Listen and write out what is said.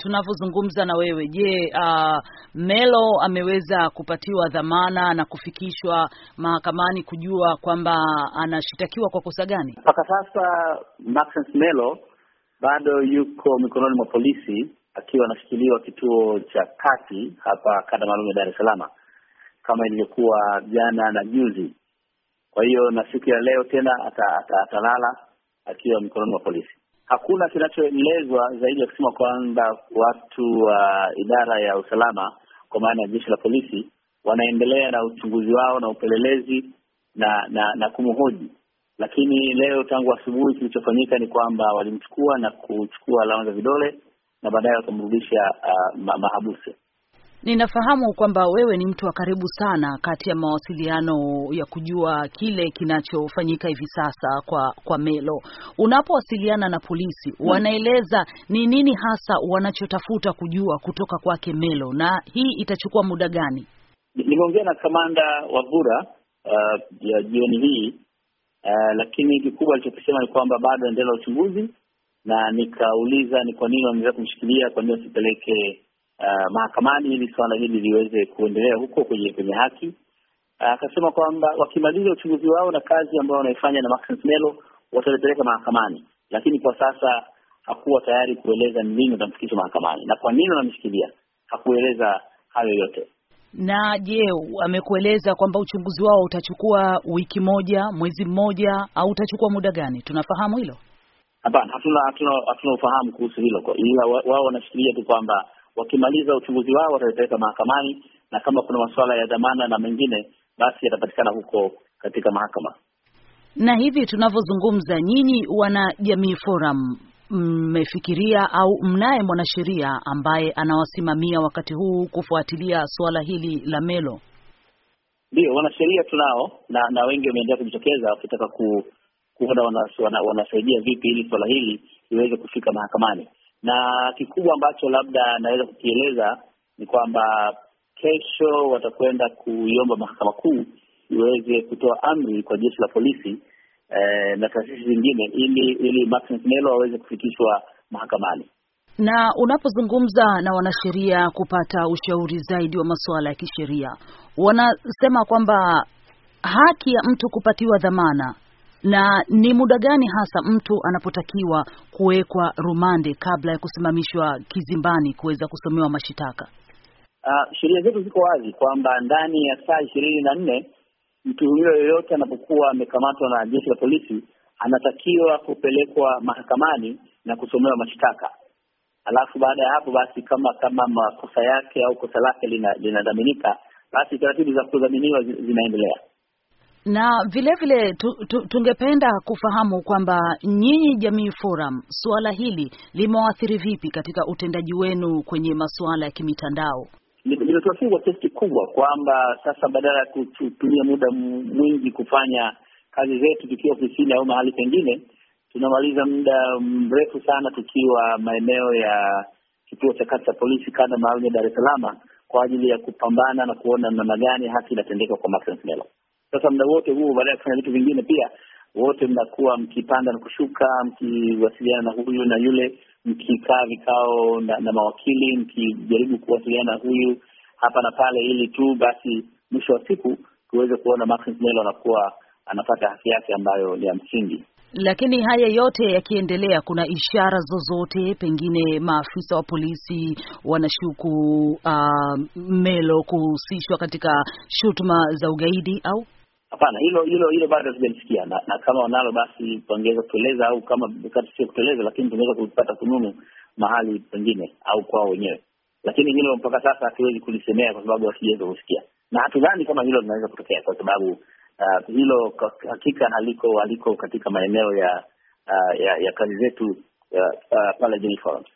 Tunavyozungumza na wewe, je, uh, Melo ameweza kupatiwa dhamana na kufikishwa mahakamani kujua kwamba anashitakiwa kwa kosa gani? Mpaka sasa Maxence Melo bado yuko mikononi mwa polisi akiwa anashikiliwa kituo cha kati hapa kada maalum ya Dar es Salaam kama ilivyokuwa jana na juzi. Kwa hiyo na siku ya leo tena atalala ata, ata akiwa mikononi mwa polisi hakuna kinachoelezwa zaidi ya kusema kwamba watu wa uh, idara ya usalama kwa maana ya jeshi la polisi wanaendelea na uchunguzi wao na upelelezi na na, na kumhoji. Lakini leo tangu asubuhi kilichofanyika ni kwamba walimchukua na kuchukua alama za vidole na baadaye wakamrudisha uh, ma Ninafahamu kwamba wewe ni mtu wa karibu sana kati ya mawasiliano ya kujua kile kinachofanyika hivi sasa kwa kwa Melo. Unapowasiliana na polisi, hmm. wanaeleza ni nini hasa wanachotafuta kujua kutoka kwake Melo, na hii itachukua muda gani? Nimeongea na kamanda wa Bura uh, jioni hii uh, lakini kikubwa alichokisema ni kwamba bado endelea uchunguzi, na nikauliza ni kwa nini wameweza kumshikilia, kwa nini wasipeleke uh, mahakamani ili suala hili liweze kuendelea huko kwenye kwenye haki. Uh, akasema uh, kwamba wakimaliza uchunguzi wao na kazi ambayo wanaifanya na Maxence Melo watalipeleka mahakamani, lakini kwa sasa hakuwa tayari kueleza ni nini watamfikisha mahakamani na kwa nini wanamshikilia. Hakueleza hayo yote. Na je, amekueleza kwamba uchunguzi wao utachukua wiki moja, mwezi mmoja au utachukua muda gani? Tunafahamu hilo? Hapana, hatuna hatuna hatuna ufahamu kuhusu hilo, ila wao wanashikilia tu kwamba Wakimaliza uchunguzi wao watapeleka mahakamani, na kama kuna masuala ya dhamana na mengine, basi yatapatikana huko katika mahakama. Na hivi tunavyozungumza, nyinyi wana Jamii Forum mmefikiria au mnaye mwanasheria ambaye anawasimamia wakati huu kufuatilia suala hili la Melo? Ndio, wanasheria tunao na na wengi wameendelea kujitokeza wakitaka ku- kuona wanasaidia wana, wana vipi ili suala hili liweze kufika mahakamani na kikubwa ambacho labda naweza kukieleza ni kwamba kesho watakwenda kuiomba Mahakama Kuu iweze kutoa amri kwa jeshi la polisi eh, na taasisi zingine ili ili Maxence aweze kufikishwa mahakamani. Na unapozungumza na wanasheria kupata ushauri zaidi wa masuala ya kisheria, wanasema kwamba haki ya mtu kupatiwa dhamana na ni muda gani hasa mtu anapotakiwa kuwekwa rumande kabla ya kusimamishwa kizimbani kuweza kusomewa mashitaka? Uh, sheria zetu ziko wazi kwamba ndani ya saa ishirini na nne mtuhumiwa yoyote anapokuwa amekamatwa na jeshi la polisi anatakiwa kupelekwa mahakamani na kusomewa mashtaka, alafu baada ya hapo basi, kama kama makosa yake au kosa lake linadhaminika, lina basi taratibu za kudhaminiwa zinaendelea na vilevile vile tu, tu, tungependa kufahamu kwamba nyinyi Jamii Forum suala hili limewaathiri vipi katika utendaji wenu kwenye masuala ya kimitandao? Limetuathiri kwa kiasi kikubwa kwamba sasa badala ya kutumia muda mwingi kufanya kazi zetu tukiwa ofisini au mahali pengine, tunamaliza muda mrefu sana tukiwa maeneo ya kituo cha kati cha polisi kanda maalum ya Dar es Salaam kwa ajili ya kupambana na kuona namna gani haki inatendeka kwa Maxence Melo. Sasa muda wote huo, baada ya kufanya vitu vingine, pia wote mnakuwa mkipanda na kushuka, mkiwasiliana na huyu na yule, mkikaa vikao na, na mawakili, mkijaribu kuwasiliana na huyu hapa na pale, ili tu basi mwisho wa siku tuweze kuona Maxence anakuwa anapata haki yake ambayo ni ya msingi. Lakini haya yote yakiendelea, kuna ishara zozote pengine maafisa wa polisi wanashuku uh, Melo kuhusishwa katika shutuma za ugaidi au Hapana, hilo hilo hilo bado hatujalisikia na, na kama wanalo basi tuongeza kutueleza au kama sio kutueleza, lakini tungeweza kupata kununu mahali pengine au kwao wenyewe, lakini hilo mpaka sasa hatuwezi kulisemea kwa sababu hatujaweza kusikia na hatudhani kama hilo linaweza kutokea kwa sababu uh, hilo hakika haliko haliko katika maeneo ya, uh, ya ya kazi zetu uh, uh, pale Jeni Forums.